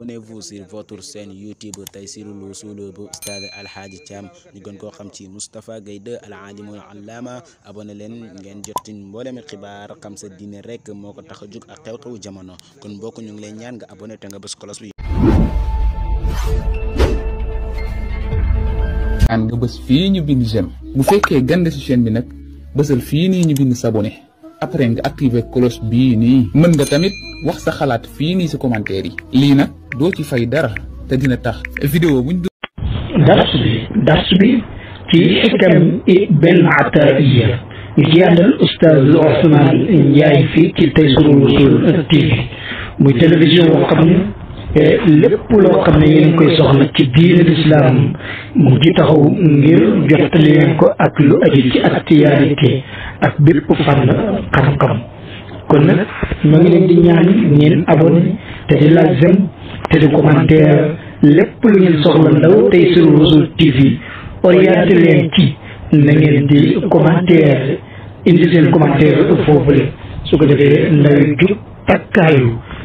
Abonnez-vous sur votre chaîne YouTube Taysiroul Wousoul bu Oustaz Alhaji Thiam ñu gën koo xam ci Moustapha Gueye 2 al alimul allama abonné leen ngeen jotin mboolemi xibaar xam sa diine rek moo ko tax a jóg ak xew-xewu jamono kon mbokk ñu ngi lay ñaan nga abonné te nga bës cloche bi an ñu bind j'aime bi nag bësal fii nii ñu après nga activer cloche bi ni mën nga tamit wax sa xalaat fi ni ci commentaire yi li nak do ci fay dara te dina tax vidéo buñ dars bi dars bi ci xikam benn ataaya ni ci àndal oustaz Ousmane Ndiaye fi ci Taysiroul Wousoul TV muy télévision boo xam lépp loo xam ne yéen koy soxla ci diine lislaam mu ji taxaw ngir jottali leen ko ak lu aju ci actualité ak bépp fànn xam-xam kon nag ma ngi leen di ñaan ngeen abonné te di lazem te di commentaire lépp lu ngeen soxla ndaw tey sur Rossol TV orienté leen ci na ngeen di commentaire indi seen commentaire foofule su ko defee ndaw jub takkaayu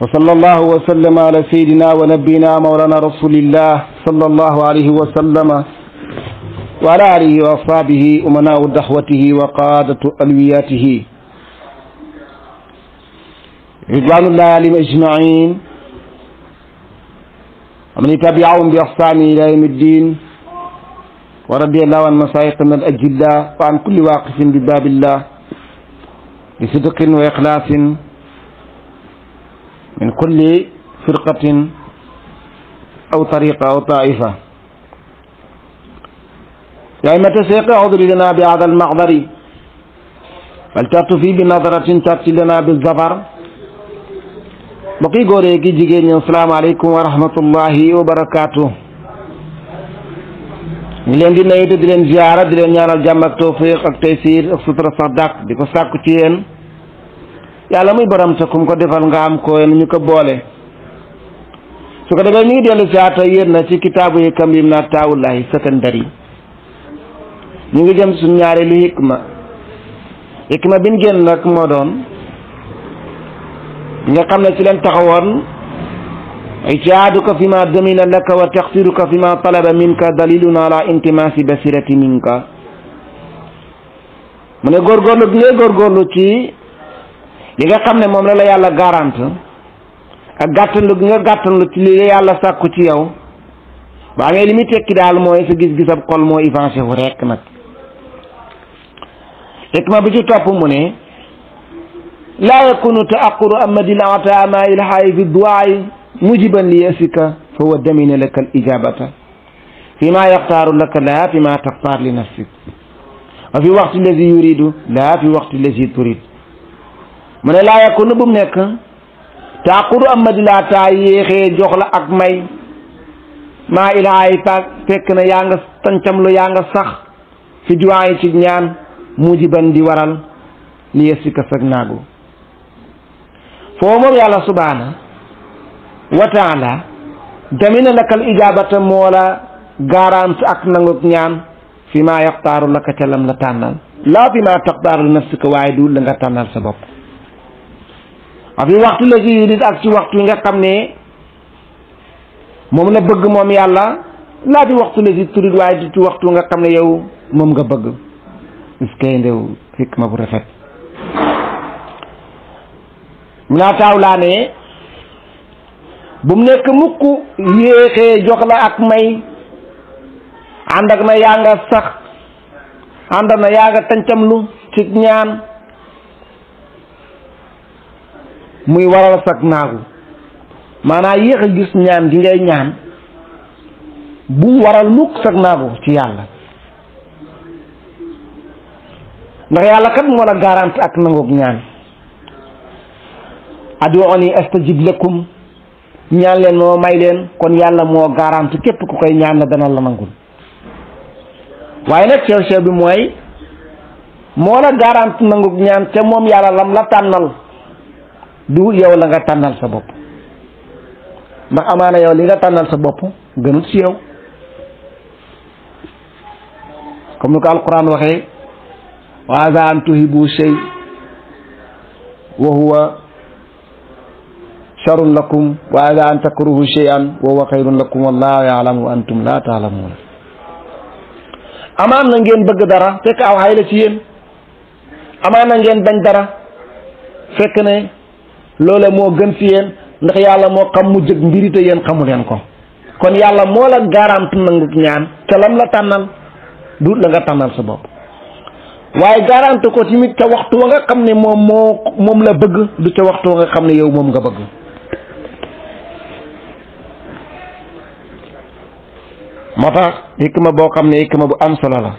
وصلى الله وسلم على سيدنا ونبينا مولانا رسول الله صلى الله عليه وسلم وعلى آله وأصحابه أمناء دحوته وقادة ألوياته رضوان الله عليهم أجمعين ومن تبعهم بإحسان إلى يوم الدين وربي الله عن من الأجلاء وعن كل واقف بباب الله بصدق وإخلاص kulli firqatin aw tariqa aw taifa يا أئمة الشيخ عذر لنا بهذا المقدر فلتكتفي بنظرة تأتي لنا بالظفر mbokki góor yi jigéen ñi salaamaaleykum wa rahmatullahi wa barakaatu ñu leen di nuyu di leen ziyaara di leen ñaanal jàmm ak tawfiq ak taysiir ak sutura sax dàq di ko sàkku ci yéen yàlla muy borom sa kum ko defal nga am ko yéen ñu ko boole su ko defee ñu ngi dellu si ata yéen na ci kitaabu hikam yim na taawullahi sakandari ñu ngi jëm suñ ñaareelu hikma hikma bin génn nag moo doon xam ne ci leen taxawoon ijtihaaduka fi ma dumina laka wa taqsiruka fi ma talaba minka dalilun ala intimasi basirati minka mu bi ngay góorgóorlu ci li nga xam ne moom la la yàlla garante ak gàttanlu gi nga gàttanlu ci li la yàlla sàkku ci yow baa ngay li muy tekki daal mooy sa gis-gisab xol moo avancé wu rekk nag xikma bi ci topp mu ne laa yakunu taaquru amadil atama ilhaayi fi duwaay mujiban li yasika fa wa damina laka al ijabata fi ma yaxtaaru laka laa fi ma taxtaar li nafsik wa fi waxti lazi yuridu laa fi waxti lazi turid mu ne laa yàkku na bu mu nekk taaqudu am ma di laa taa yéexee jox la ak may maa ilaay paak fekk na yaa nga tancamlu yaa nga sax fi duwaa yi ci ñaan mujiban di waral li yes si ka sag naagu foo moom yàlla subhaana wa taala damina lakal ijaabata moo la garant ak nanguk ñaan fi ma yaxtaaru laka ca lam la tànnal laa fi ma taxtaaru nafsika waaye du la nga tànnal sa bopp wa fi waxtu la ci yurid ak ci waxtu nga xam ne moom la bëgg moom yàlla laa fi waxtu la ci turid waaye du ci waxtu nga xam ne yow moom nga bëgg iskay ndew fekk ma bu rafet mu naa taaw laa ne bu mu nekk mukk yéexee jox la ak may ànd ak na yaa nga sax ànd ak na yaa nga tàncamlu ci ñaan muy waral sag naagu maanaam yéex a gis ñaan gi ngay ñaan bu mu waral mukk sag naagu ci yàlla ndax yàlla kat moo la garanti ak nangoog ñaan ad'uuni astajib lakum ñaan leen moo may leen kon yàlla moo garanti képp ku koy ñaan la dana la nangul waaye nag sew sew bi mooy moo la garanti nangoog ñaan te moom yàlla lam la tànnal du yow la nga tànnal sa bopp ndax amaana yow li nga tànnal sa bopp gënut si yow comme ni ko alquran waxee wa asa an tuhibu shay wa huwa charun lakum wa asa an takruhu shay'an wa huwa xayrun lakum wallahu yaalamu wa antum la taalamuun amaan na ngeen bëgg dara fekk aw xay la ci yéen amaan na ngeen bañ dara fekk ne loola moo gën si yéen ndax yàlla moo xam mu jëg mbiri te yéen xamu leen ko kon yàlla moo la garanti nangu ñaan te la tànnal du la nga tànnal sa bopp waaye garanti ko tamit ca waxtu wa nga xam ne moom moo moom la bëgg du ca waxtu wa nga xam ne yow moom nga bëgg moo tax hikma boo xam ne hikma bu am solo la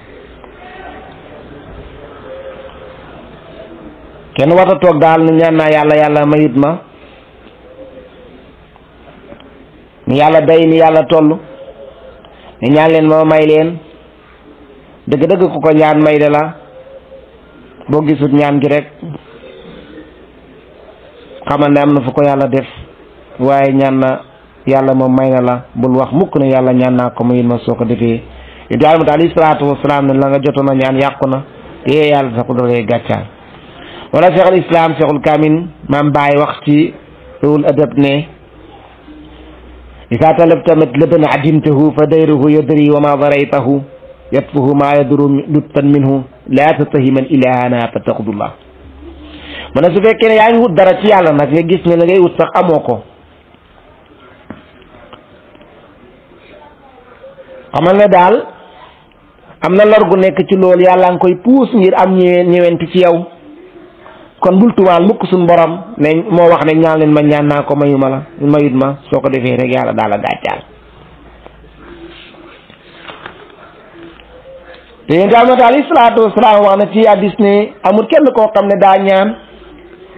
kenn warta toog daal ni ñaan naa yàlla yàlla mayit ma ni yàlla day ni yàlla toll ni ñaan leen ma may leen dëgg-dëgg ku ko ñaan may de la boo gisut ñaan gi rek xamal ne am na fu ko yàlla def waaye ñaan na yàlla moom may na la bul wax mukk ne yàlla ñaan naa ko mayut ma soo ko defee Ibrahima alayhi salaatu ne la nga jotoon a ñaan yàqu na te yee yàlla sax ku dolee gàccaal wala cheikh al islam cheikhul kamin maam Baay wax ci ruwul adab ne isa talabta matlaban adimtahu fa dayruhu yadri wa ma daraytahu yatfuhu ma yadru lutfan minhu fa taqdullah mu ne su fekkee ne yaa ngi wut dara ci yàlla nag gis ne la ngay wut sax amoo ko xamal ne daal am na lor gu nekk ci lool yàlla nga koy puus ngir am ñëwenti ci yow kon bul tumaal mukk suñ borom moo wax ne ñaan leen ma ñaan naa ko mayu ma la mayut ma soo ko defee rek yàlla daal la gàccaal te yéen daal na daal salaatu wasalaam wax na ci hadiis ne amul kenn koo xam ne daa ñaan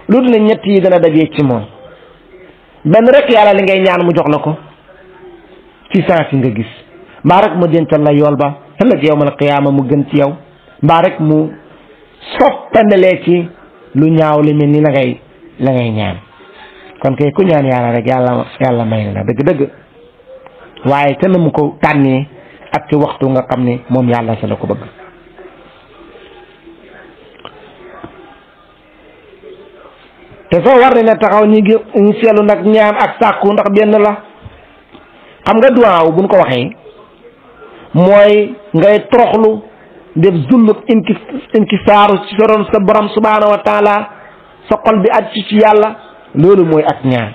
lu dul ne ñett yi dana dajee ci moom benn rek yàlla li ngay ñaan mu jox la ko ci saa si nga gis mbaa rek mu dencal la yool ba ma yawmal qiyaama mu gën ci yow mbaa rek mu soppandalee ci lu ñaaw li mel ni la ngay ñaan kon kay ku ñaan yàlla rek yàlla yàlla may na la dëgg-dëgg waaye te na ko tànnee ak ci waxtu nga xam ne moom yàlla sa la ko bëgg te soo war ne na taxaw ñi ngi nag ñaan ak sàkku ndax benn la xam nga duwaaw buñ ko waxee mooy ngay toroxlu def zullub inki inkisaaru ci soroon sa borom subhaanahu wa taala sa xol bi ak ci yàlla loolu mooy ak ñaan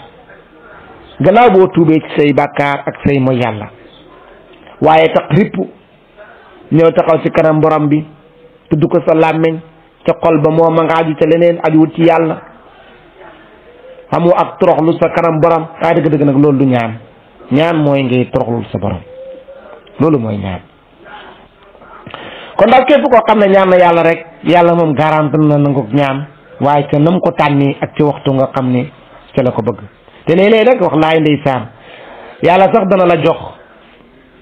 gannaaw boo tuubee say bàkkaar ak say mooy yàlla waaye tax ripp ñëw taxaw ci kanam borom bi tudd ko sa làmmiñ ca xol ba moo ma nga aju ca leneen ajuwut ci yàlla amoo ak toroxlu sa kanam borom waaye dëgg-dëgg nag loolu du ñaan ñaan mooy ngay toroxlul sa borom loolu mooy ñaan kon daal képp ko xam ne ñaan na yàlla rek yàlla moom garanti na nangu ñaan waaye ca nam ko tànni ak ci waxtu nga xam ni ca ko bëgg te léeg-léeg rek wax laay ndeysaan yàlla sax dana la jox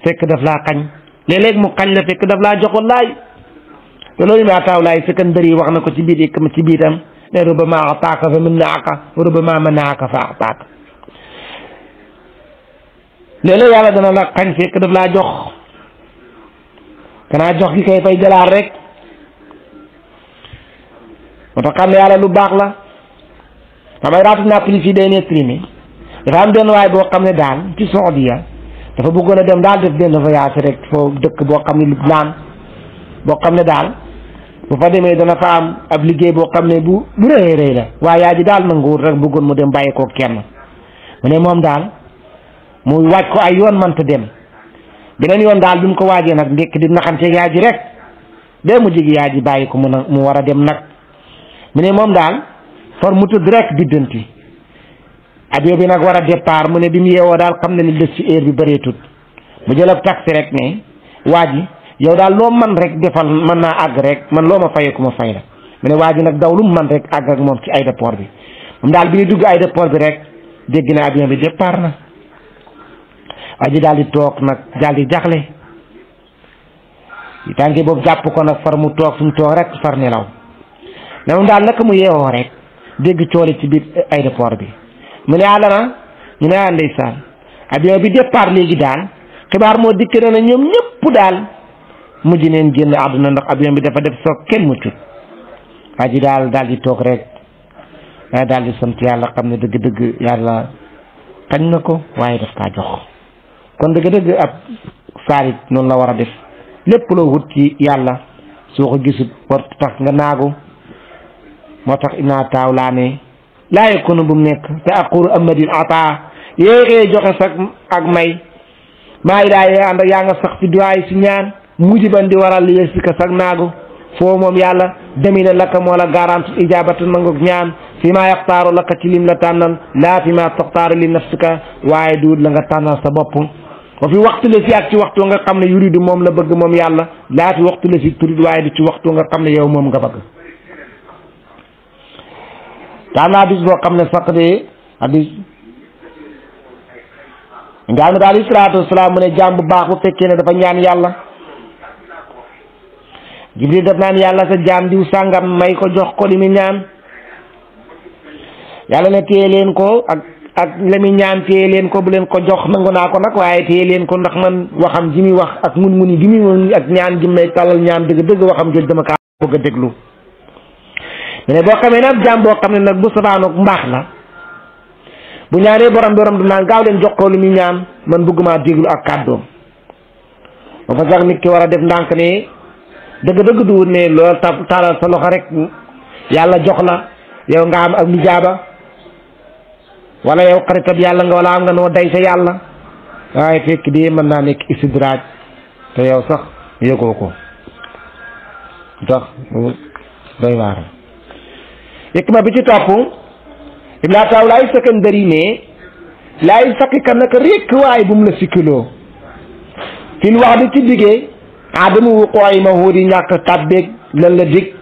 fekk daf laa xañ léeg-léeg mu xañ la fekk daf laa jox wallaay da loolu maa taaw laay Iskandari wax na ko ci biir ci biiram ne rubbama ataaka fa mannaaka rubbama manaaka fa ataaka léeg-léeg yàlla dana la xañ fekk daf laa jox kanaa jox gi kay fay jëlaat rek moo tax xam ne yàlla lu baax la damay raatu naa prix fii day ne primé dafa am benn waay boo xam ne daal ci Saudiya dafa bëggoon dem daal def benn voyage rek foofu dëkk boo xam ne Lubnaan boo xam ne daal bu fa demee dana fa am ab liggéey boo xam ne bu bu rëy rëy la waaye yaa ji daal nanguwul rek bëggoon mu dem bàyyi ko kenn mu ne moom daal mu wàcc ko ay yoon mënta dem. beneen yoon daal bi mu ko waajee nag ndekki di naxanteeg yaay ji rek bee mu jigi yaay ji bàyyi ko mu nag mu war a dem nag mu ne moom daal for mu tëdd rek biddanti avion bi nag war a départ mu ne bi mu yeewoo daal xam ne ni des ci heure bi bëreetut mu jël ab rek ne waa ji yow daal loo man rek defal mën naa àgg rek man loo ma fayee ku ma fay la mu ne waa ji nag daw lu mu man rek àgg ak moom ci aéroport bi moom daal bi ñu dugg aéroport bi rek dégg na avion bi départ na aji daal di toog nag daal di jaxle tànke boobu jàpp ko nag far mu toog fu mu toog rek far nelaw nelaw daal naka mu yeewoo rek dégg coole ci biir aéroport bi mu ne àlla ñu ne ah ndeysaan avion bi départ léegi daal xibaar moo dikk na ne ñoom ñëpp daal mujj neen génn àdduna ndax avion bi dafa def soog kenn muccut aji daal daal di toog rek daal di sant yàlla xam ne dëgg-dëgg yàlla tañ na ko waaye daf kaa jox kon dëgg-dëgg ab saalit noonu la war a def lépp loo wut ci yàlla soo ko gisut war tax nga naagu moo tax inaa taaw laa ne laa yakunu bu may ngi daal ànd yaa nga sax ci duwaay si ñaan mujj di waral li si ka sax naagu foo moom yàlla demina laka moo la garanti ijabatu nangoog ñaan fi ma yaxtaaru laka ci lim la tànnal laa fi ma taxtaaru li nafsika waaye duut la nga tànnal sa bopp wa fi waxtu la si ak ci waxtu nga xam ne yuridu moom la bëgg moom yàlla laa fi waxtu la si turid waaye du ci waxtu nga xam ne yow moom nga bëgg te am na hadis boo xam ne faq de hadis nga xam ne daal salaatu wasalaam ne jàmm bu baax bu fekkee ne dafa ñaan yàlla jibril daf naan yàlla sa jaam diw sàngam may ko jox ko li ñaan yàlla ne téye leen ko ak ak lami ñaan téye leen ko bu leen ko jox nangu naa ko nag waaye téye leen ko ndax man waxam ji muy wax ak mun muni gi muy mun ak ñaan gi may talal ñaan dëgg dëgg waxam jooju dama kaa bëgg a déglu bo ne boo xamee bo ab jaam boo xam ne nag bu safaanoog mbaax la bu ñaanee borom borom du gaaw leen jox ko lu muy ñaan man bëgguma déglu ak kàddoom ba fa sax nit ki war a def ndànk ne dëgg dëgg du ne loolu taalal sa loxo rek yàlla jox la yow nga am ak mijaaba wala yow xaritab yàlla nga wala am nga noo day sa yàlla waaye fekk dee mën naa nekk istidraaj te yow sax yëgoo ko tax doy waar hikma bi ci topp ibna taw laay Iskandari ne laay sakki kan naka rekk waaye bu mu la sikkiloo fil wax di ci diggee adamu wuqooyi ma huu di ñàkk tàbbeeg lan la dig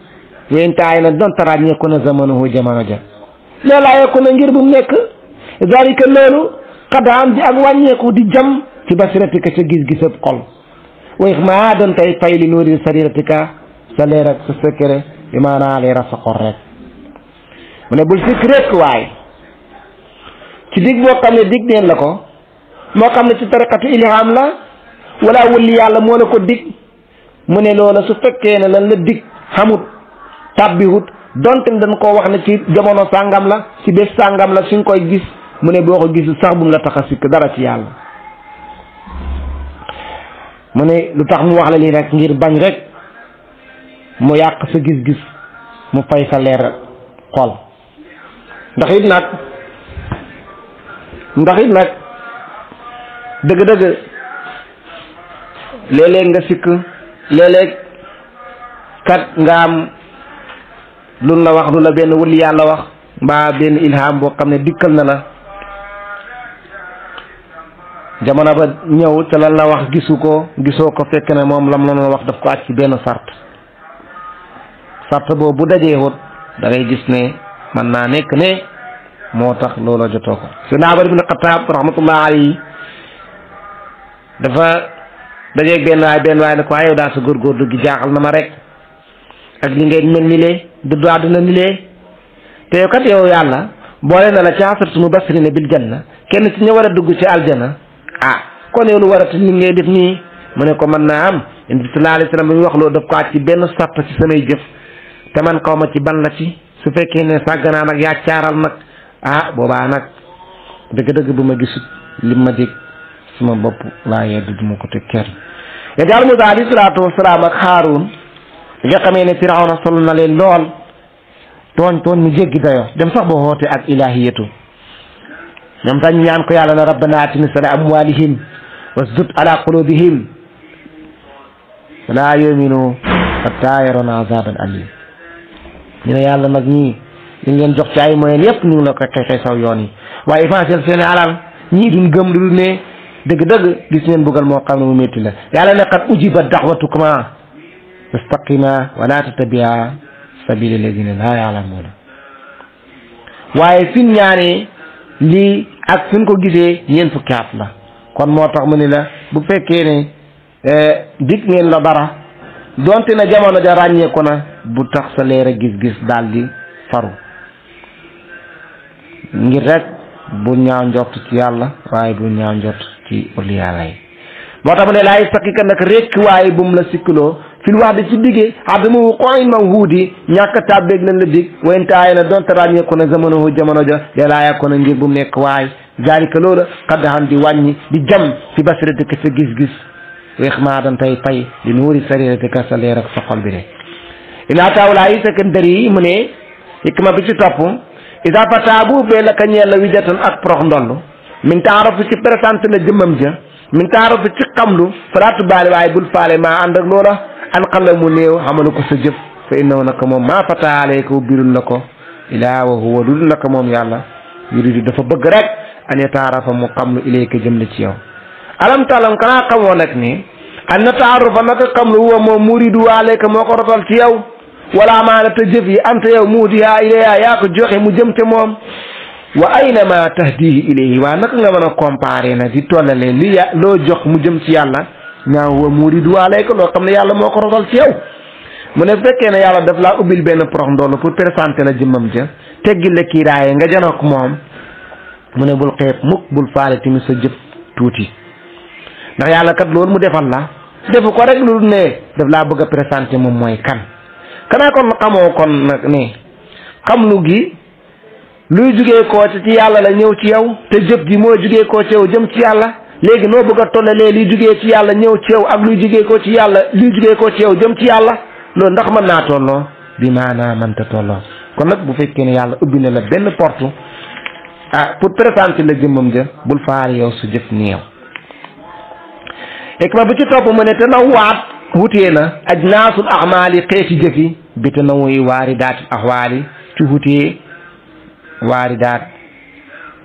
wentaay na doon taraat ñekku na zamanahu jamono ja loolu laa na ngir bu mu nekk zalika loolu xadaan di ak wàññeeku di jam ci basiratika ca gis-gisab xol way maa doon tey fay li nuuri sa leer sa a sa xol rek mu ne bul sikk rek waaye ci dig boo xam ne neen la ko moo xam ne ci tariqatu ilham la wala wulli yàlla moo la ko dig mu ne loola su fekkee ne lan la dig xamut tàbbiwut donte dañ koo wax ne ci jamono sàngam la ci bés sàngam la fi koy gis mu ne boo ko gisul sax bu mu la tax a sikk dara ci yàlla mu ne lu tax mu wax la lii rek ngir bañ rek mu yàq sa gis-gis mu fay sa leer xol ndax nag ndax it nag dëgg-dëgg léeg-léeg nga sikk léeg kat nga am lu la wax lu la benn wëli yàlla wax mbaa benn ilham boo xam ne dikkal na la jamono ba ñëw te lan la wax gisu ko gisoo ko fekk ne moom lam la noonu wax daf ko aj ci benn sart sart boobu bu dajee wut da gis ne man naa nekk ne moo tax loola jotoo ko Seydina Umar ibn Xattaab rahmatullah alayhi dafa dajeeg benn benn waay ne ko ayow daa sa góorgóorlu gi jaaxal na ma rek ak li ngay mel ni lee dëddu àdduna ni te yow kat yow yàlla boole na la ci asartu mu basri ne bil janna kenn ci ña war a dugg ci aljana ah kon yow lu waratu ni ngay def nii mu ne ko mën naa am yonent bi sallallahu alayhi wa sallam wax loolu daf ko at ci benn sàpp ci samay jëf te man xaw ma ci ban la ci su fekkee ne sàgganaa nag yaa caaral nag ah boobaa nag dëgg-dëgg bu ma gisut li ma dégg sama bopp laa yedd du ma ko teg kenn ya jaal Muusaa alayhi ak Haaruun li xamee ne Firawna sol na leen lool tooñ tooñ mu jéggi dayoo dem sax ba woote ak ilaahiyatu ñoom sax ñu ñaan ko yàlla na rabbana atina sana amwalihim wasdud ala qulubihim wala yuminu hatta yarona azaban alim ñu ne yàlla nag ñii li ngeen jox ci ay moyen yëpp ñu ngi la ko yoon yi waaye essentiel seen alal ñii duñ gëm lu ne dëgg-dëgg gis ngeen buggal moo xam ne mu métti la yàlla ne qad ujibat da'watukuma fastaqima wala tatabia sabila alladina la yaalamuuna waaye fin ñaanee lii ak suñ ko gisee ñeent fukki la kon moo tax mu ni la bu fekkee ne dig eh, ngeen la dara donte na jamono ja ràññeeku na bu tax sa leer a gis-gis daal di faru ngir rek bu ñaaw njort ci yàlla waaye bu ñaaw njort ci uli yàlla yi moo tax mu ne laay sakki ka nag rekk waaye bu mu la sikkuloo fil wax da ci digee adama wu qoin man huudi ñàkk tàbbeeg lan la dig wayen taaye na donte ràññeeku na zamanohu jamono ja delaaya ko na ngir bu mu nekk waay zalika loola xadda xam di wàññi di jam fi basiratika sa gis-gis weex maa dan tay pay di nuuri sariratika sa leer ak sa xol bi ne ina taawulaa yi secondaire mu ne hikma bi ci topp isa fata bu ubbee la ka ñeel la wijatan ak prox ndoll min taarafu ci présenté la jëmmam ja min taarafu baale waaye bul faale maa ànd alqalam mu néew xamal ko sa jëf fa innahu naka moom maa fataalee ko birul na ko ilaa wa huwa dul naka moom yàlla yuridu dafa bëgg rek an yataarafa mu xam lu ilayka jëm na ci yow. alam talam kanaa xamoo nag ni an na taarufa naka moo ko rotal ci yow wala amaana te jëf yi anta yow muudiha ilayha yaa ko joxe mu jëm ca moom. wa aynama tahdihi ilayhi waa naka nga mën a comparé nag di tollalee li ya loo jox mu jëm ci yàlla. naam mu muridu alayka loo xam ne yàlla moo ko rotal ci yow mu ne fekkee na yàlla daf laa ubbil benn prox ndoll pour présenter la jëmmam jë teggil la kii raaye nga janook moom mu ne bul xeeb mukk bul faale tamit sa jëf tuuti ndax yàlla kat loolu mu defal la defu ko rek lu ne daf laa bëgg a présenter moom mooy kan kanaa kon xamoo kon nag ne xam lu gi luy jugee koo ci yàlla la ñëw ci yow te jëf ji moo jugee koo ci yow jëm ci yàlla léegi noo bëgg a tollalee luy jugee ci yàlla ñëw ci yow ak luy jugee ko ci yàlla luy jugee ko ci yow jëm ci yàlla loolu ndax mën naa tolloo bi maanaa mënta tolloo kon nag bu fekkee ne yàlla ubbi na la benn porte ah pour présenter la jëmmam ja bul faar yow su jëf ni yow hikma bi ci topp mu ne te naw waat wutee na ajnaasul ahmaali xeeti jëfi bi te nawuy waari daati ahwaali ci wutee waari daat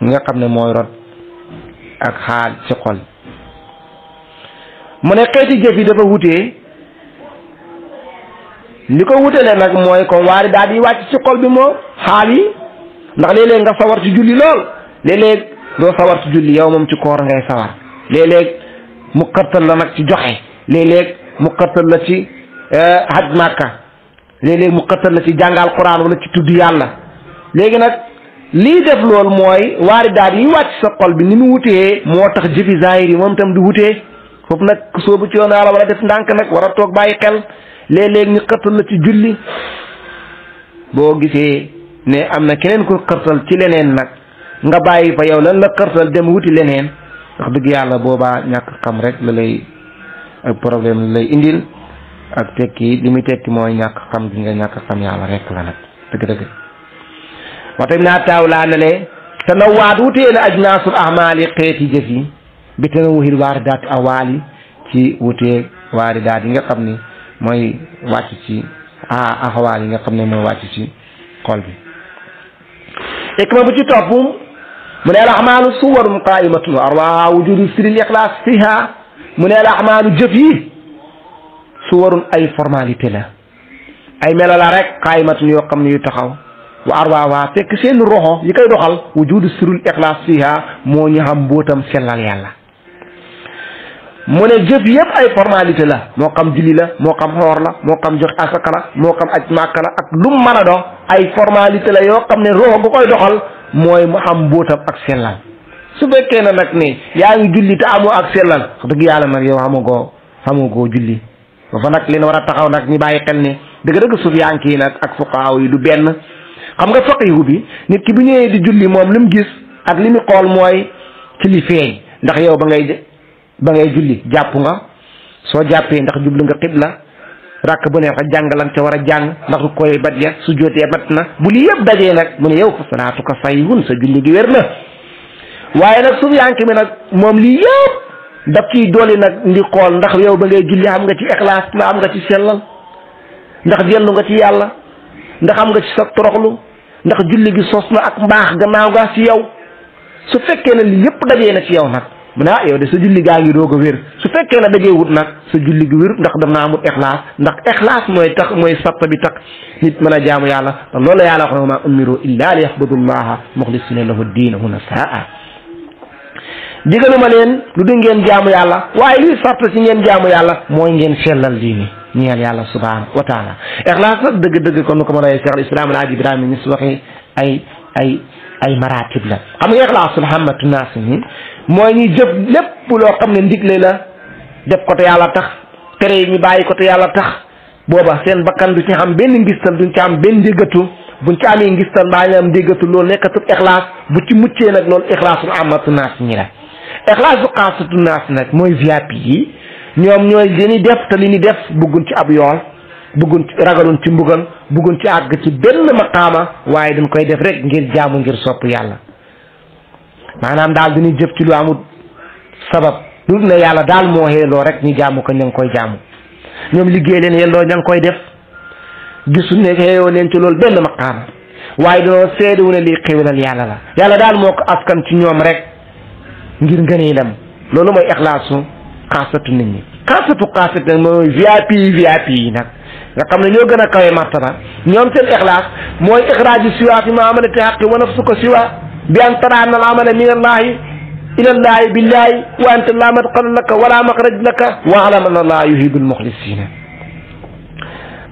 nga xam ne mooy rot ak xaal ci xol mu ne xeeti jëf yi dafa wutee li ko wutale nag mooy comme waari daal di wàcc ci xol bi moo xaal yi ndax léeg-léeg nga sawar ci julli lool léeg-léeg doo sawar ci julli yow moom ci koor ngay sawar léeg-léeg mu xërtal la nag ci joxe léeg-léeg mu xërtal la ci euh, haj màkka léeg-léeg mu xërtal la ci jàngal quran wala ci tudd yàlla léegi nag lii def loolu mooy waari daal yi wàcc sa xol bi ni mu wutee moo tax jëfi zahir yi moom tam di wutee foofu nag soobu ci yoon la war a def ndànk nag war a toog bàyyi xel léeg-léeg ñu xërtal la ci julli boo gisee ne am na keneen ku xërtal ci leneen nag nga bàyyi fa yow lan la xërtal dem wuti leneen wax dëgg yàlla boobaa ñàkk xam rek la lay ak problème la lay indil ak tekki li muy tekki mooy ñàkk xam gi nga ñàkk xam yàlla rek la nag dëgg-dëgg wata naa taaw laa nale tanawaat yi bi tana wuhil waaridaat awaali ci wutee waaridaat yi xam ne mooy a axawaal yi nga xam ne mooy wàcc ci xol bi ikma bu mu ne al ahmaalu suwarun qaimatun arwa ay formalité la ay melo la rek qaimatun yoo xam ne yu taxaw waa arwaawa fekk seen roxo yi koy doxal wujudu sirul ixlaas fiha moo ñu xam mbootam sellal yàlla mu ne jëf yëpp ay formalité la moo xam julli la moo xam xoor la moo xam jox asaka la moo xam aj màkka la ak lu mu mën a doon ay formalité la yoo xam ne roxo nga koy doxal mooy mu xam mbootam ak sellal su fekkee na nag ne yaa ngi julli te amoo ak sellal wax dëgg yàlla nag yow xamagoo xamagoo julli ba fa nag li na war a taxaw nag ñu bàyyi xel ne dëgg-dëgg suuf yaa ngi kii nag ak fuqaaw yi du benn xam nga faqihu bi nit ki bu ñëwee di julli moom lim gis ak li mu xool mooy ci li feeñ ndax yow ba ngay ba ngay julli jàpp nga soo jàppee ndax jublu nga xibla rakk bu neex wax jàng lan ca war a jàng bat ya su ya bat na bu li yëpp dajee nag mu ne yow fa salaatu ka sayhun sa julli gi wér na waaye nag su yànk mi nag moom li yëpp da ciy dooli nag ndi xool ndax yow ba ngay julli am nga ci ikhlas la am nga ci sellal ndax dellu nga ci yàlla ndax am nga ci sa toroxlu ndax julli gi sos na ak mbaax gannaaw gaa ci yow su fekkee na li yëpp dajee na ci yow nag mu ne ah yow de sa julli gaa ngi doog a wér su fekkee na dajee wut nag sa julli gi wér ndax daf naa amul ixlaas ndax ixlaas mooy tax mooy sàpp bi tax nit mën a jaamu yàlla te loolu la yàlla wax ne maa umiru illa li yaxbudullaha muxlisina lahu diina hunasaa digaluma leen lu du ngeen jaamu yàlla waaye luy sàpp ci ngeen jaamu yàlla mooy ngeen sellal dii ñeel yàlla subhaanahu wa taala ixlaas nag dëgg-dëgg comme ni ko ma lay cheikh al islam alaaji ibrahima ñi si waxee ay ay ay la xam nga ixlaasul hammatu naas ni mooy ñuy jëf lépp loo xam ne ndigle la def ko te yàlla tax tere yi ñu bàyyi ko te yàlla tax booba seen bakkan du ci am benn ngistal duñ ci am benn njëggatu buñ ci amee ngistal mbaa ñu am njëggatu loolu nekkatul ixlaas bu ci muccee nag loolu ixlaasul hammatu naas ñi la ixlaasu ñoom ñooy li ñu def te li ñu def bëggun ci ab yool bëggun ragalun ci mbugal bëggun ci àgg ci benn maqaama waaye dañ koy def rek ngir jaamu ngir sopp yàlla maanaam daal dañuy jëf ci lu amul sabab lu ne yàlla daal moo xeeloo rek ñu jaamu ko ña ngi koy ñoom liggéey leen yelloo ña koy def gisu ne xeeyoo leen ci loolu benn maqaama waaye dañoo seedewu ne lii xéwalal yàlla la yàlla daal moo ko askan ci ñoom rek ngir ngëneelam loolu mooy ixlaasu xaasatu nit ñi xaasatu xaasat nag mooy VIP VIP nag nga xam ne ñoo gën a kawe martaba ñoom seen ixlaas mooy ixraaju siwaa fi muamalati xaqi wa nafsuka siwaa bi an tara anna al amala min allahi ila allahi billahi wa anta la madqala laka wala maxraj laka wa alam anna allaha yuhibbu almuxlisina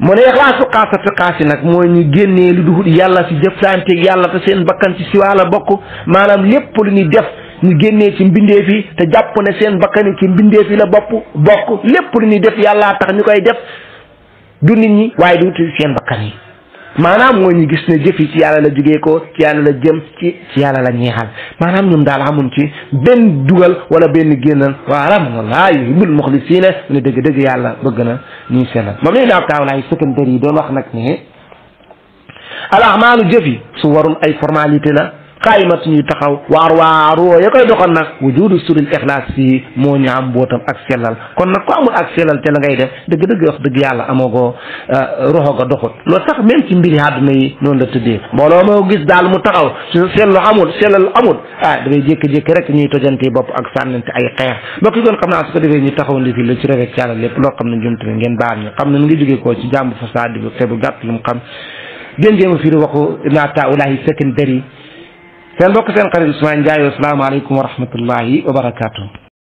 mu ne ixlaasu xaasatu xaasi nag mooy ñu génnee lu dul yàlla si jëflanteeg yàlla te seen bakkan ci siwaa la bokk maanaam lépp lu ñuy def ñu génnee ci mbindeef yi te jàpp ne seen bakkani ci mbindeef yi la bopp bokk lépp lu ñu def yàlla tax ñu koy def du nit ñi waaye du ci seen bakkan yi maanaam moo ñu gis ne jëf yi ci yàlla la jugee ko ci yàlla la jëm ci yàlla la ñeexal maanaam ñoom daal amuñ ci benn dugal wala benn génnal waa moom walaa yuhibbul dëgg dëgg yàlla bëgg na ñuy sellal moom lañu daaw taaw laay doon wax nag ne jëf yi su warul ay formalité la xaayimatu ñuy taxaw waar waar woo ya koy doxal nag wujudu suril ixlaas fii moo ñaam am bootam ak sellal kon nag ko amul ak sellal te la ngay def dëgg-dëgg wax dëgg yàlla amagoo euh, roxo ga doxut loo tax même ci mbiri àdduna yi noonu la tëddee mbooloo moo gis daal mu taxaw su sellu amul sellal amul ah da ngay jékki-jékki rek ñuy tojante bopp ak sànnante ay xeex mbokk yi kon xam naa su ko defee ñu taxaw li fi la ci rafet yàlla lépp loo xam ne jumtu ngeen baal ñu xam ne mu ngi jóge ko ci jàmb fasaadi bu te bu gàtt lu mu a firi waxu naata ulaahi سيلوك سين قرين عثمان جاي السلام عليكم ورحمه الله وبركاته